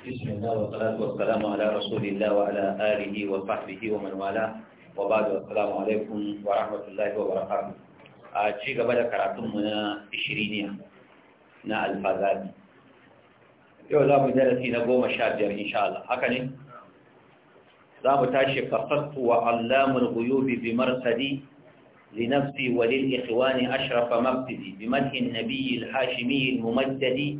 بسم الله والصلاة والسلام على رسول الله وعلى آله وصحبه ومن والاه وبعد السلام عليكم ورحمة الله وبركاته أشيك آه، بعد كراتم من عشرين نا الفازات يو لا مدرسي نقوم مشاجر إن شاء الله هكذا لا متاشي قصدت وعلام الغيوب بمرصدي لنفسي وللإخوان أشرف مقتدي بمدح النبي الحاشمي الممددي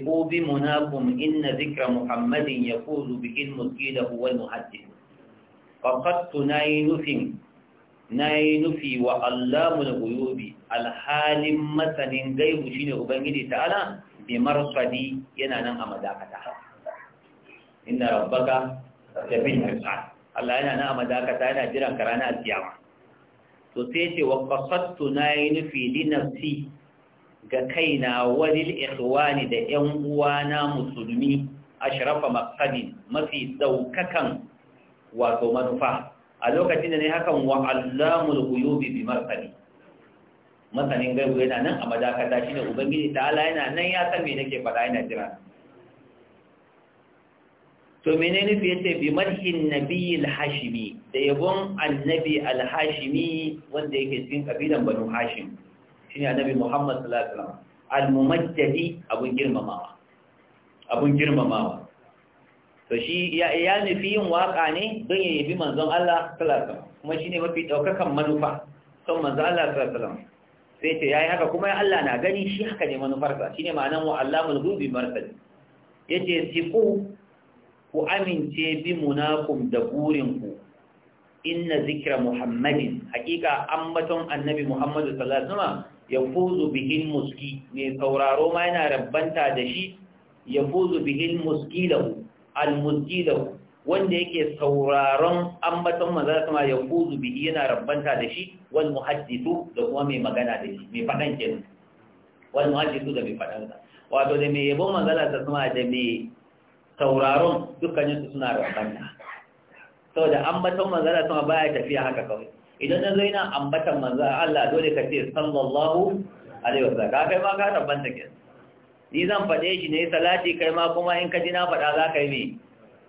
ثقوا بمناكم إن ذكر محمد يفوز به المسجد هو المحدث فقد تناينف ناينف وعلام الغيوب الحال مثل غيب شين أبنجي تعالى بمرصد ينانا أمداكتا إن ربك تبين مرصد الله ينانا أمداكتا ينا جران كرانا الزيامة تسيتي وقصدت ناينف لنفسي ga kaina walil ikhwani da ƴan uwana musulmi ashrafa maqsadin mafi daukakan wato manufa a lokacin da ne hakan wa allamul ghuyubi bi marqadi masanin gaibu yana nan a madakata ne ubangiji ala yana nan ya san me nake faɗa yana jira to menene fi yace bi madhin nabiyil hashimi da yabon annabi al hashimi wanda yake cikin kabilan banu hashim Shi ne annabi Muhammad sallallahu alaihi wasallam al-mumajjadi abun girmamawa abun girmamawa to shi ya nufi yin waka ne don ya yabi manzon Allah sallallahu alaihi wasallam kuma shine mafi daukakan manufa son manzon Allah sallallahu alaihi wasallam sai ce yayi haka kuma Allah na gani shi haka ne manufar manufarsa shine ma'anar wa Allahul ghubi marsal yace siqu ku amince bi munakum da burinku inna zikra muhammadin hakika ambaton annabi muhammadu sallallahu alaihi wasallam yafuzu bihin muski mai sauraro ma yana rabbanta da shi yafuzu bihin muski lahu almuski lahu wanda yake sauraron ambaton manzon sama yafuzu bihi yana rabbanta da shi wal muhaddithu da kuma mai magana da shi mai fadan kenan wal muhaddithu da mai fadan wato da mai yabon manzon sama da mai sauraron dukkanin su suna rabbanta saboda ambaton manzon sama baya tafiya haka kawai idan na zo na ambatan manzan Allah dole ka ce sallallahu alaihi wasallam ka kai ma ka rabban ta ke ni zan faɗe shi ne salati kai ma kuma in ka ji na faɗa za ka yi me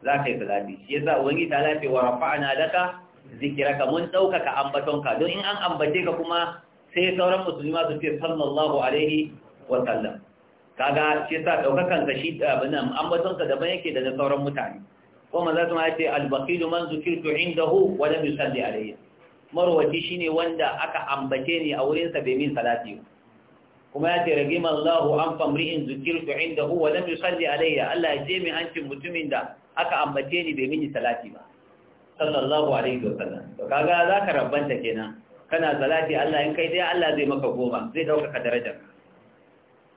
za ka yi salati shi yasa ubangi ta lafi wa rafa'ana daka zikiraka mun ambaton ka don in an ambace ka kuma sai sauran musulmi su ce sallallahu alaihi wasallam kaga shi sa daukakan ka shi abinan ambaton ka daban yake da sauran mutane kuma za su ma yace al-baqilu man zukirtu indahu wa lam yusalli alaihi marwaci ne wanda aka ambace ni a wurinsa sa bai min salati kuma ya ce ragima Allahu an famri'in zukirtu indahu wa lam yusalli alayya Allah ya je min hancin mutumin da aka ambace ni bai mini salati ba sallallahu alaihi wa sallam to kaga zaka rabbanta kenan kana salati Allah in kai dai Allah zai maka goma zai dauka ka darajar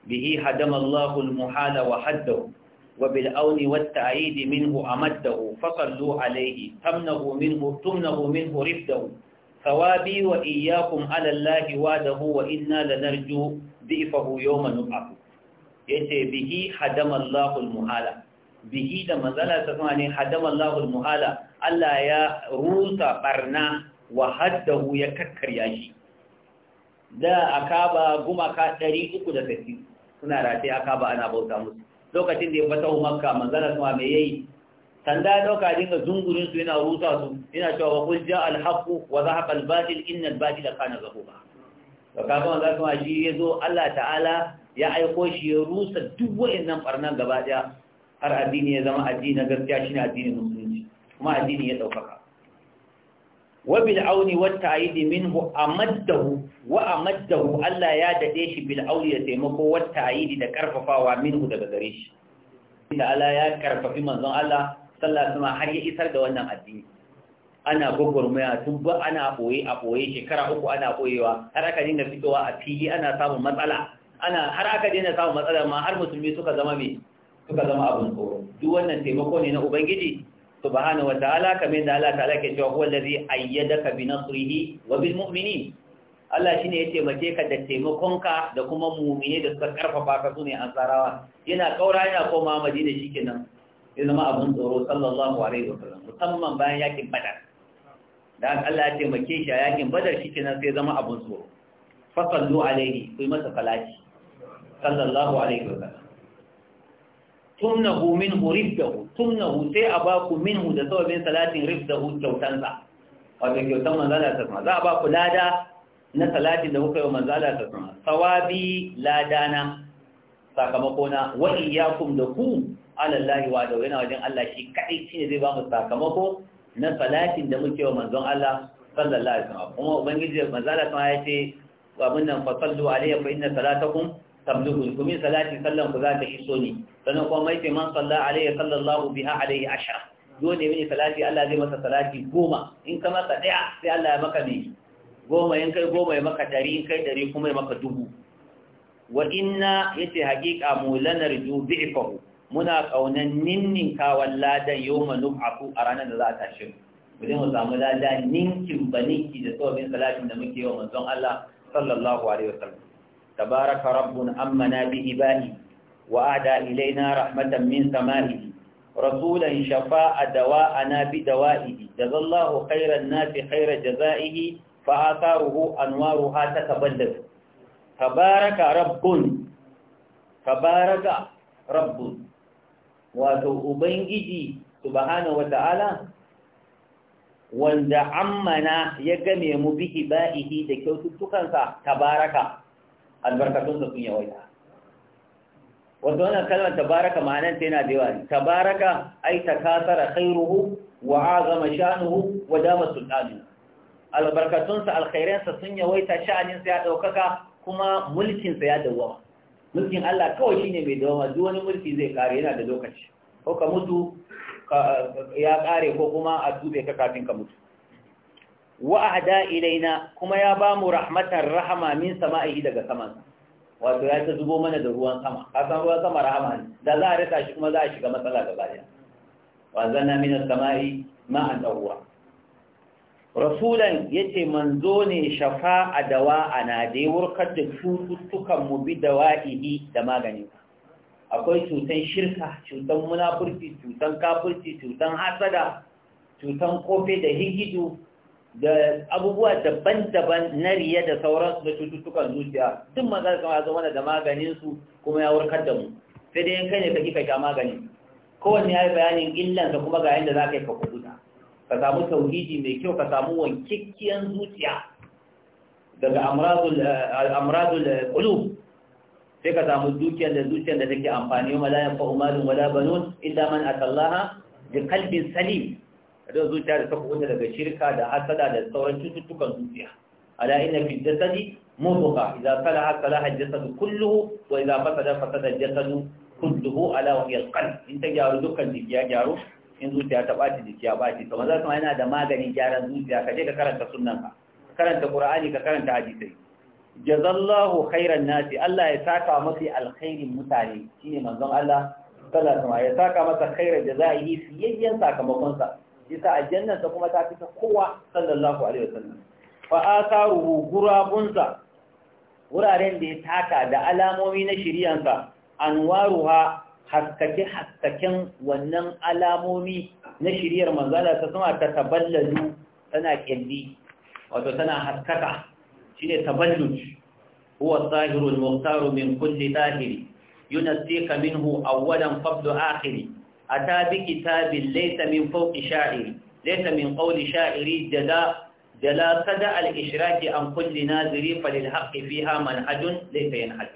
bihi hadama Allahu al-muhala wa haddahu وبالأون والتعيد منه أمده فصلوا عليه تمنه منه تمنه منه رفده thawabi wa iyyakum ala allahi wadahu wa inna lanarju dhifahu yawma nub'ath yace bihi hadama allahul muhala bihi da mazala ta kuma ne hadama allahul muhala Allah ya rusa barna wa haddahu ya kakkarya shi da akaba gumaka 360 suna rataye akaba ana bauta musu lokacin da ya fata makka manzala kuma me yayi sanda ya dauka dinga zungurin su yana rusa su yana cewa wa qul jaa al-haqqu wa zahaqa al-batil inna al-batila kana zahuqa to kaga wanda kuma shi yazo Allah ta'ala ya aiko shi ya rusa duk wayannan barnan gaba daya har addini ya zama addini gaskiya shine addinin musulunci kuma addini ya daukaka wa bil auni wat ta'id minhu amaddahu wa amaddahu Allah ya dade shi bil auni da taimako wat ta'id da karfafawa minhu daga gare shi Allah ya karfafi manzon Allah sallallahu ma har ya isar da wannan addini ana gwagwarmaya tun ba ana boye a boye shekara uku ana boyewa har aka dinga fitowa a fili ana samun matsala ana har aka dinga samun matsala ma har musulmi suka zama me suka zama abun tsoro duk wannan taimako ne na ubangiji wa ta'ala kamar da Allah ta'ala ke cewa huwal allazi ayyadaka bi nasrihi wa bil mu'minin Allah shine ya taimake ka da taimakonka da kuma mu'mine da suka karfafa ka sune ansarawa yana kaura yana koma Madina shikenan ya zama abin tsoro sallallahu alaihi wa sallam musamman bayan yakin badar da Allah ya taimake shi a yakin badar shikenan sai zama abin tsoro fa sallu alaihi ku yi masa salati sallallahu alaihi wa sallam tumnahu hu. rifdahu tumnahu sai a ba ku minhu da sababin salatin rifdahu kyautansa wato kyautan manzala ta sama za a ba ku lada na salatin da kuka yi wa manzala ta sama sawabi ladana sakamakona wa iyyakum da ku alallahi wa da yana wajen Allah shi kadai ne zai ba mu sakamako na salatin da muke wa manzon Allah sallallahu alaihi wasallam kuma ubangiji manzon Allah kuma ya ce wa binnan fa sallu alayhi fa inna salatakum tablughu kuma salati sallan ku za ta iso ni sannan kuma mai ce man salla alayhi sallallahu biha alayhi ashra dole ne salati Allah zai masa salati goma in ka masa daya sai Allah ya maka ne goma in kai goma ya maka dari in kai dari kuma ya maka dubu wa inna yace haqiqa mu lanarju bi'fahu muna ƙaunar kaunan ninninkawan ladan yau manu aku a ranar da za a tashi mu zai mu samu lada ninkin ba ninki da tsohon salatin da muke yi wa manzon Allah sallallahu alaihi wasallam tabaraka rabbun ammana bi ibadi wa ada ilaina rahmatan min Rasulan shafa'a samaihi رسولا شفاء دواءنا بدوائه جزى الله خير الناس خير جزائه فآثاره أنوارها تتبلد تبارك رب تبارك رب wato ubangiji subhanahu wata'ala wanda ammana ya game mu bihi ba'ihi da kyaututtukansa tabaraka albarkatunsa sun yawaita wato wannan kalmar tabaraka ma'anar ta yana da yawa tabaraka ai takasara khairuhu wa azama sha'nuhu wa dama sultanu albarkatunsa alkhairansa sun yawaita sa ya daukaka kuma mulkinsa ya dawwama mulkin Allah kawai shi ne mai dawama duk wani mulki zai kare yana da lokaci ko ka mutu ya kare ko kuma a dube ka kafin ka mutu Wa'ada ahda ilaina kuma ya ba mu rahmatar rahama min sama'i daga saman wato ya ta zubo mana da ruwan sama ka san ruwan sama rahama ne da za a rika shi kuma za a shiga matsala gaba daya wa zanna min as-sama'i ma'an tawwa rasulan yace manzo ne shafa'a dawa ana da ya warkar da cututtukan mu bi dawa'ihi da magani akwai cutan shirka cutan munafurci cutan kafurci cutan hasada cutan kofe da higidu da abubuwa daban-daban na riya da sauran da cututtukan zuciya duk maza su zama da maganin su kuma ya warkar da mu sai dai kai ne ka kika sha magani kowanne ya yi bayanin illansa kuma ga yadda za ka yi ka kudu ka samu tauhidi mai kyau ka samu wankikkiyan zuciya daga amradul eh, eh, qulub sai ka samu dukiyar da zuciyar da take amfani wa la yanfa'u malun wala banun illa man atallaha bi qalbin salim da zuciya da ta kuɓuta daga shirka da hasada da sauran cututtukan zuciya ala inna fi jasadi mudghah idza salaha salaha al-jasad kulluhu wa idza fasada fasada al-jasad kulluhu ala wa hiya al-qalb in ta gyaru dukkan jiki ya gyaru in zuciya ta ɓaci jiki a ɓaci to maza kuma yana da maganin gyaran zuciya ka je ka karanta sunan ka karanta ƙura'ani, ka karanta hadisai jazallahu khairan nasi Allah ya saka masa alkhairin mutane shine manzon Allah sallallahu alaihi ya saka masa khairan jazaihi fiyayyan sakamakon sa yasa aljannan sa kuma ta fita kowa sallallahu alaihi wasallam fa asaruhu sa wuraren da ya taka da alamomi na sa anwaruha haskake haskaken wannan alamomi na shiriyar manzala ta sama ta taballalu tana kyalli wato tana haskaka shi shine taballuj huwa zahirul muhtaru min kulle zahiri yunasika minhu awwalan qablu akhiri ata bi kitabin laysa min fawqi sha'iri laysa min qawli sha'iri jada jala sada al-ishraki an kulle naziri falil haqqi fiha manhajun laysa yanhaj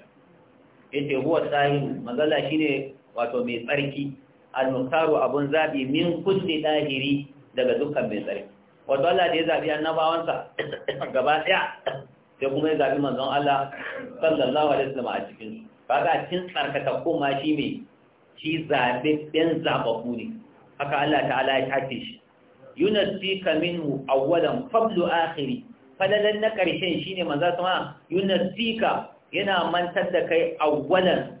yace huwa sahiru mazala ne. wato mai tsarki al-mukhtaru abun zabi min kulli dahiri daga dukkan mai tsarki wato Allah da ya zabi annabawansa gaba daya sai kuma ya zabi manzon Allah sallallahu alaihi wasallam a cikin kaga cikin tsarkaka kuma shi mai shi din zababu ne haka Allah ta'ala ya kace shi yunasika minhu awwalan fablu akhiri falalan na karshen shine manzo sama yunasika yana mantar da kai awwalan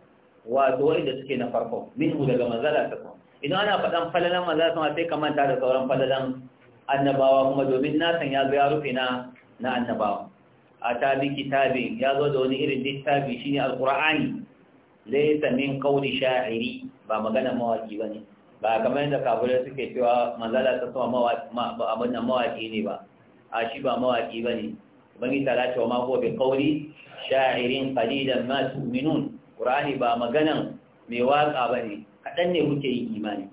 wato da suke na farko hu daga manzala ta kuma Ina ana faɗan falalan maza sama sai ka manta da sauran falalan annabawa kuma domin nasan ya zo ya rufe na na annabawa a tabi kitabin ya zo da wani irin littafi shine alqur'ani laysa min qawli sha'iri ba magana mawaki bane ba kamar yadda kafirai suke cewa manzala ta sama mawaki abin mawaki ne ba a shi ba mawaki bane Bani ta ma ko bi qawli sha'irin qalilan ma tu'minun ƙur'ani ba maganan mai waƙa ba ne kaɗan ne muke yin imani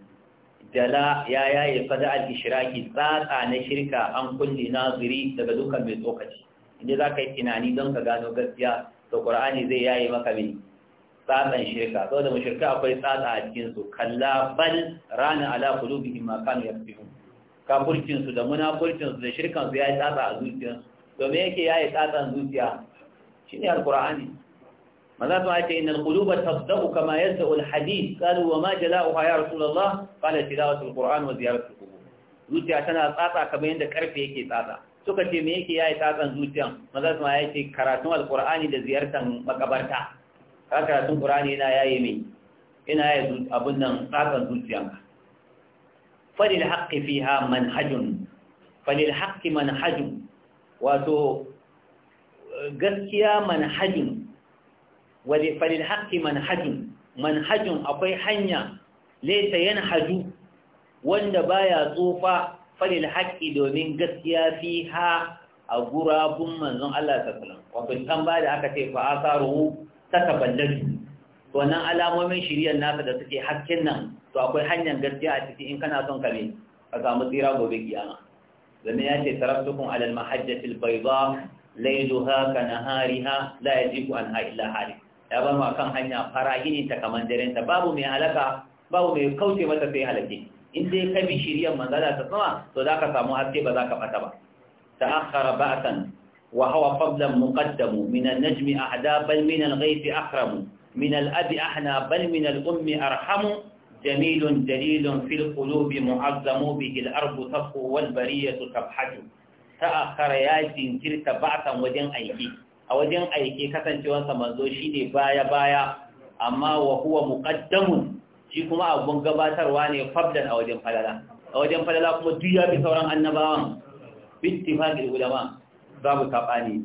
dala ya yaye fada al tsatsa na shirka an kulle naziri daga dukkan mai tsokaci inda za ka yi tunani don ka gano gaskiya to ƙur'ani zai yaye maka mai tsatsan shirka sau da mashirka akwai tsatsa a cikinsu kalla bal rana ala kulubihim ma kanu fi. kafurcinsu da munafurcinsu da shirkansu ya yi tsatsa a zuciyarsu domin yake ya yi tsatsan zuciya shine alƙur'ani ماذا فعلت إن القلوب تصدق كما يصدق الحديد قالوا وما جلاؤها يا رسول الله قال تلاوة القرآن وزيارة القبور zuciya tana tsatsa kamar yadda karfe yake tsatsa suka ce me yake yayi tsatsan zuciyan maza ma ya ce karatun alqur'ani da ziyartan makabarta ka karatun qur'ani yana yayi me ina yayi abun nan tsatsan zuciyan falil haqqi fiha manhajun falil haqqi manhajun wato gaskiya manhajin wali falil manhajun manhajun akwai hanya laysa haju wanda baya tsufa falil haqqi domin gaskiya fiha a gurabun manzon Allah sallallahu alaihi wasallam ba da aka ce fa asaruhu takaballalu to nan alamomin shiriyar nasa da suke hakkin nan to akwai hanyar gaskiya a ciki in kana son ka ne ka samu tsira gobe kiyama domin ya ce taraktukum alal mahajjatil bayda laylaha ka nahariha la yajibu anha illa halik ya bar mu akan hanya fara gini ta kaman daren ta babu mai halaka babu mai kauce mata sai halake in dai ka bi shiryan manzala ta sama to zaka samu haske ba zaka bata ba ta'akhkhara ba'atan wa huwa fadlan muqaddamu min an-najmi ahda bal min al-ghayb ahramu min al-abi ahna bal min al-ummi arhamu جميل جليل في القلوب معظم به الأرض تصفو والبرية تبحج تأخر يا جنكرت بعثا وجن أيكي a wajen aiki kasancewarsa manzo shine baya baya amma wa huwa muqaddamun shi kuma abin gabatarwa ne fabdan a wajen falala a wajen falala kuma duk ya fi sauran annabawan bittifaqil ulama babu sabani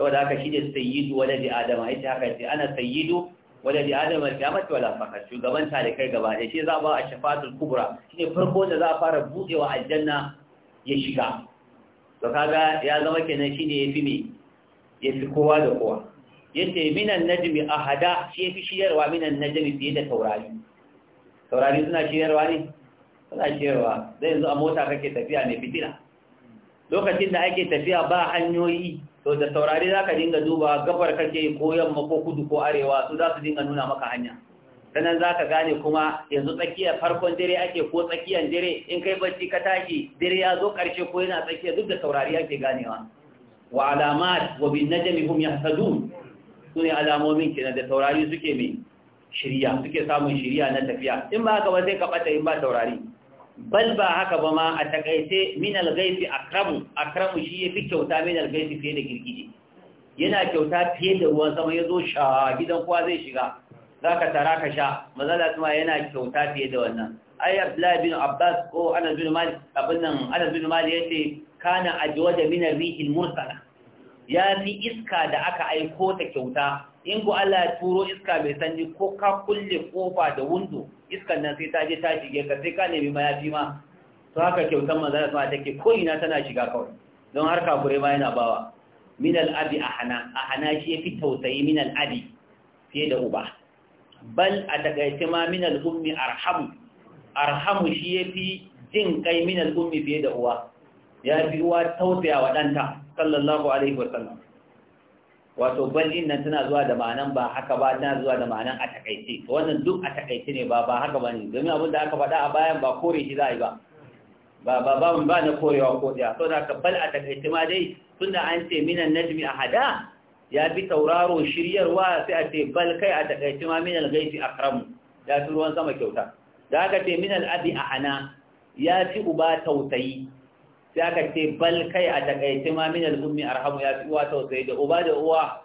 saboda haka shi ne sayyidu waladi adama yace haka yace ana sayyidu waladi adama al-qiyamati wala faqat shugaban tare kai gaba da shi za ba a shafatul kubra shine farko da za a fara budewa aljanna ya shiga to kaga ya zama kenan shi ne ya fi me ya fi kowa da kowa ya ce minan jimi a hada shi ya fi shiyarwa minan najmi fiye da taurari taurari suna shiyarwa ne suna shiyarwa zai zuwa mota kake tafiya mai fitila lokacin da ake tafiya ba hanyoyi to da taurari za ka dinga duba gabar kake ko yamma ko kudu ko arewa su za su dinga nuna maka hanya sannan za ka gane kuma yanzu tsakiyar farkon dare ake ko tsakiyar dare in kai bacci ka tashi dare ya zo ƙarshe ko yana tsakiya duk da taurari ake ganewa wa alamat wa bin najmi hum yahtadun sune alamomin kenan da taurari suke mai shiriya suke samun shiriya na tafiya in ba haka ba sai ka bata in ba taurari bal ba haka ba ma a takaice min al-ghaibi akramu akramu shi yafi kyauta min al-ghaibi fiye da girgije yana kyauta fiye da ruwan sama ya zo sha gidan kowa zai shiga zaka tara ka sha mazala kuma yana kyauta fiye da wannan ai abdullahi bin abbas ko ana bin malik abin nan ana bin malik yace kana ajwada min ar-rihil mursala ya fi iska da aka aiko ta kyauta in go Allah ya turo iska mai sanyi ko ka kulle kofa da windo iskan nan sai ta je ta shige ka sai ka nemi mayafi ma to haka kyautar manzara sama take ko ina tana shiga kawai don har kure ma yana bawa min al-abi ahana ahana shi yafi tausayi min al-abi fiye da uba bal a takaice ma min al-ummi arhamu arhamu shi yafi jin kai min al-ummi fiye da uwa ya fi uwa tausaya wa ɗanta sallallahu alaihi wa sallam wato bal'in nan tana zuwa da ma'anan ba haka ba tana zuwa da ma'anan a takaice wannan duk a takaice ne ba ba haka ba ne domin abin da aka faɗa a bayan ba kore shi za a yi ba ba ba ba ba na korewa ko ɗaya so da ka bal a takaice ma dai tun da an ce minan najmi a hada ya bi tauraro shiryarwa sai a ce bal kai a takaice ma minan gaifi akram ya fi ruwan sama kyauta da aka ce minan abi a hana ya fi uba tausayi sai aka ce bal kai a takaice ma min al'ummi arhamu ya fi uwa tausayi da uba da uwa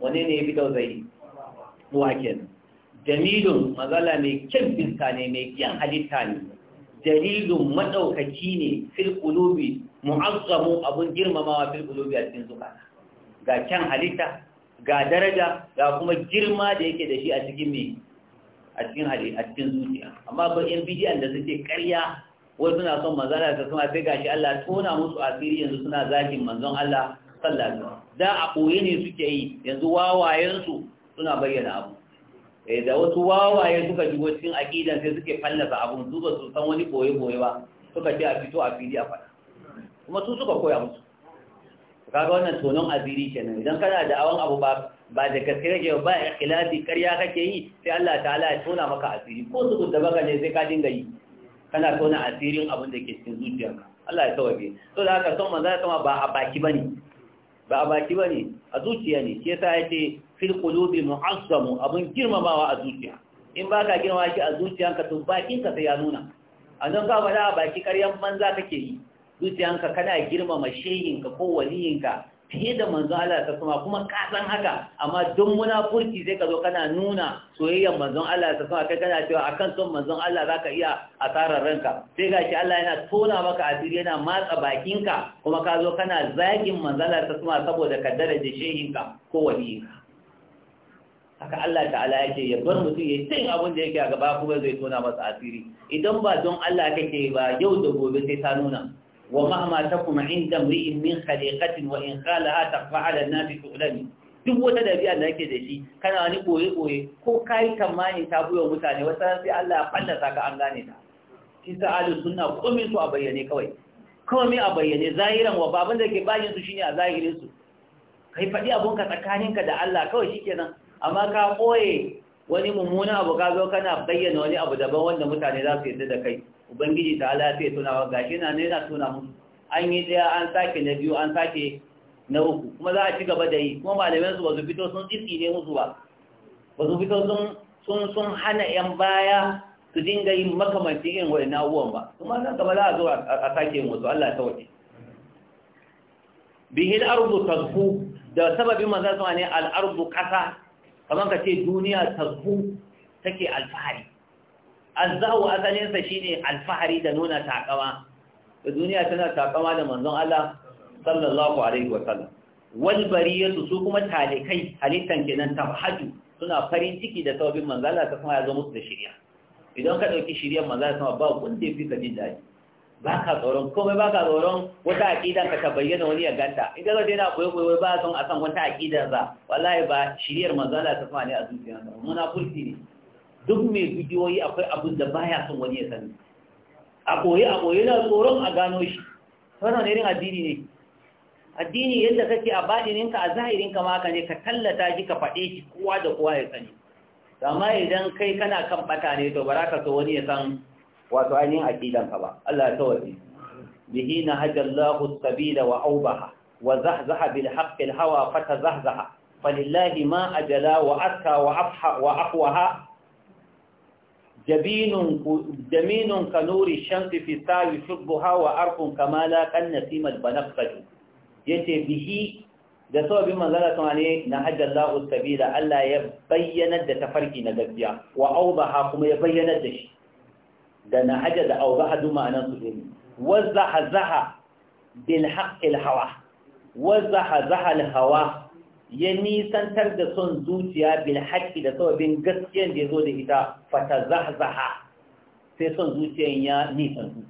wane ne ya fi tausayi uwa kenan jamilun mazala mai kyan fiska ne mai kyan halitta ne dalilun maɗaukaki ne fil mu'azzamu abun girmamawa fil a cikin zukata ga kyan halitta ga daraja ga kuma girma da yake da shi a cikin mai a cikin hali a cikin zuciya amma ba yan bidiyan da suke karya. wai suna son manzon Allah ta sai gashi Allah tona musu asiri yanzu suna zakin manzon Allah sallallahu alaihi wasallam da a koye ne suke yi yanzu wawayen su suna bayyana abu eh da wasu wawaye suka shigo cikin aqidan sai suke fallasa abun su ba su san wani koye koye ba suka ji a fito a fili a fada kuma su suka koya musu kaga wannan tonon asiri kenan idan kana da awan abu ba ba da gaskiya ke ba ikhlasi ƙarya kake yi sai Allah ta'ala ya tona maka asiri ko su da baka ne sai ka dinga yi kana tona asirin abin da ke cikin zuciyarka Allah ya tawabe to da haka son manzo kama ba a baki bane ba a baki bane a zuciya ne ke ta yace fil qulubi mu'azzamu abin girmamawa a zuciya in baka girmama shi a zuciyanka to bakin ka sai ya nuna a ka ba a baki karyan banza kake yi zuciyanka kana girmama shehinka ko waliyinka fiye da manzo Allah ta sama kuma ka haka amma don munafurci sai ka zo kana nuna soyayyar manzon Allah ta sama kai kana cewa akan son manzon Allah za ka iya asarar ranka sai gashi Allah yana tona maka asiri yana matsa bakinka kuma ka zo kana zagin manzon Allah ta sama saboda ka daraja shehinka ko waliyinka haka Allah ta'ala yake ya bar mutum ya yi abin da yake a gaba kuma zai tona masa asiri idan ba don Allah kake ba yau da gobe sai ta nuna ومهما تكن عند امرئ من خليقة وإن خالها تقفى على الناس تعلمي duk wata dabi'a da yake da shi kana wani boye-boye ko kai tamanin ta buyo mutane wata sai Allah ya fallasa ka an gane ta shi alu sunna komai su a bayyane kawai komai a bayyane zahiran wa baban da ke bayin su shine a zahirin su kai faɗi abun ka tsakanin ka da Allah kawai kenan amma ka koye wani mummunan abu ka zo kana bayyana wani abu daban wanda mutane za su yarda da kai ubangiji ta ala fiye tunawa gashi na ne yana tuna musu an yi daya an sake na biyu an sake na uku kuma za a ci gaba da yi kuma malaman su ba su fito sun tsitsi ne musu ba ba su fito sun sun hana yan baya su dinga yin makamancin irin wani uwan ba kuma nan gaba za a zo a sake musu Allah ta wace Bihin ardu tasfu da sababin manzon ne al ardu kasa kamar ka ce duniya tasfu take alfahari azzahu asalinsa shine alfahari da nuna takama da duniya tana takama da manzon Allah sallallahu alaihi wa sallam wal bariyatu su kuma talikai halittan kenan tabhaju suna farin ciki da sabbin manzon Allah ta kuma ya zo musu da shari'a idan ka dauki shiriyar manzon Allah ba wanda ya fi ka jin daɗi ba tsoron komai baka tsoron wata aƙidan ka ta bayyana wani ya ganta idan ka daina koyo koyo ba son a san wata aƙidan sa wallahi ba shiriyar manzala ta kuma ne a zuciyarsa muna furti ne duk mai bidiyoyi akwai abin da ba ya son wani ya sani a koyi a koyi na tsoron a gano shi wannan irin addini ne addini yadda kake a badininka a zahirinka ma haka ne ka tallata shi ka faɗe shi kowa da kowa ya sani amma idan kai kana kan bata ne to baraka so wani ya san wato ainihin aqidanka ba Allah ya tawafi bihina hajallahu sabila wa awbaha wa zahzaha bil haqqi al hawa fatazahzaha falillahi ma ajala wa atka wa afwaha jaminun ka nuri shamsi fi sawi shubbuha wa arkun kama la kan nasimal banafsaju yace bihi da sababin manzala sun ne na hajjallahu sabila Allah ya bayyanar da tafarki na gajiya. wa aubaha kuma ya bayyanar da shi da na hajja da aubaha duk ma'anar su ne wazaha zaha bil haqqil hawa wazaha zaha al hawa ya nisantar da son zuciya bil haƙƙi da sababin gaskiyar da zo da ita zahzaha sai son zuciyan ya nisantu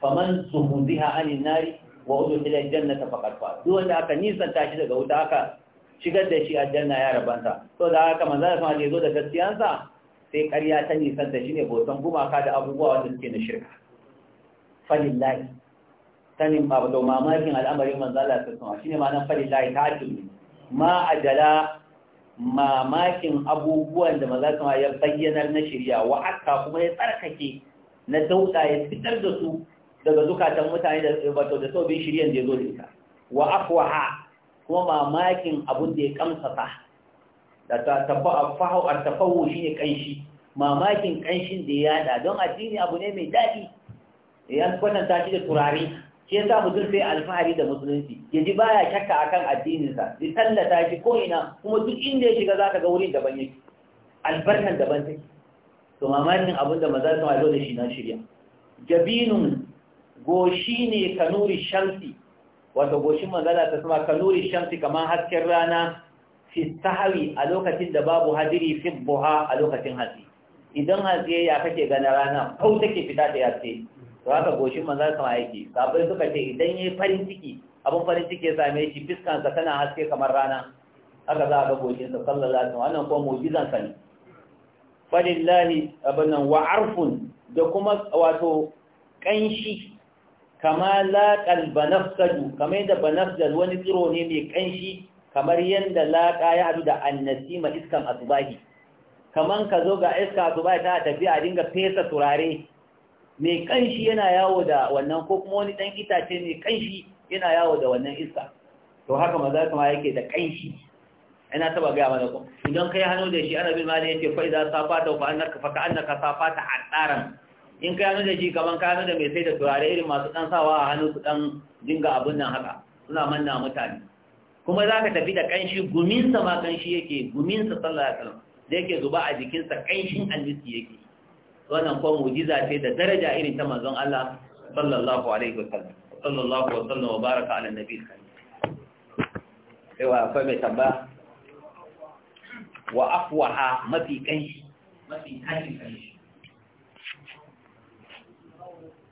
faman zuhudiha anin nari wa udkhila jannata faqad fa duk wanda aka nisanta shi daga wuta aka shigar da shi a janna ya rabanta to da haka manzo da ya zo da gaskiyansa sai ƙarya ta nisanta shi ne bautan gumaka da abubuwa wanda suke na shirka falillahi sanin babu da mamakin al'amarin manzo Allah ya tsaya shine ma'anar falillahi ta'ala Ma'adala, mamakin abubuwan da maza kama ya bayyanar na shirya wa aka kuma ya tsarkake na dauda ya fitar da su daga zukatan mutane da wato da sobin shiryan da ya zo da ita wa kuma mamakin abun da ya kamsa ta da ta tabba afahau shi ne kanshi mamakin kanshin da ya yada don addini abu ne mai dadi ya kwatanta shi da turare shi sa mutum sai alfahari da musulunci ya ji baya shakka akan addininsa ya tallata shi ko ina kuma duk inda ya shiga za ka ga wurin daban yake albarkan daban take to mamakin abin da maza sun da shi na shirya jabinun goshi ne ka nuri shamsi wato goshin manzala ta sama ka nuri shamsi kamar hasken rana fi sahawi a lokacin da babu hadiri fi buha a lokacin hatsi idan hatsi ya kake gana rana kau take fita da yatsi to haka goshin manzo sama yake sabai suka ce idan yayi farin ciki abun farin ciki ya same shi fiskansa tana haske kamar rana haka za a ga goshin sa sallallahu alaihi wasallam wannan kuma mu'jizan sa ne falillahi abana wa arfun da kuma wato kanshi kama laqal banafsadu kamar da banafsal wani tsiro ne mai kanshi kamar yanda laqa ya hadu da annasima iskan asbahi kaman ka zo ga iska asbahi ta tafi a dinga fesa turare mai kanshi yana yawo da wannan ko kuma wani dan itace mai kanshi yana yawo da wannan iska to haka maza kuma yake da kanshi ina taba gaya mana ku idan kai hano da shi annabi mali yace fa idza ta fa annaka fa annaka safata hadaran in kai hano da shi kaman ka hano da mai sai da turare irin masu dan sawa a hannu su dan dinga abun nan haka suna manna mutane kuma za ka tafi da kanshi guminsa ma kanshi yake guminsa sallallahu alaihi wasallam da yake zuba a jikinsa kanshin almisi yake wannan kuma mu'jiza ce da daraja irin ta manzon Allah sallallahu alaihi wasallam sallallahu wa sallam wa baraka ala nabi yawa akwai mai tamba wa afwaha mafi kanshi mafi kanshi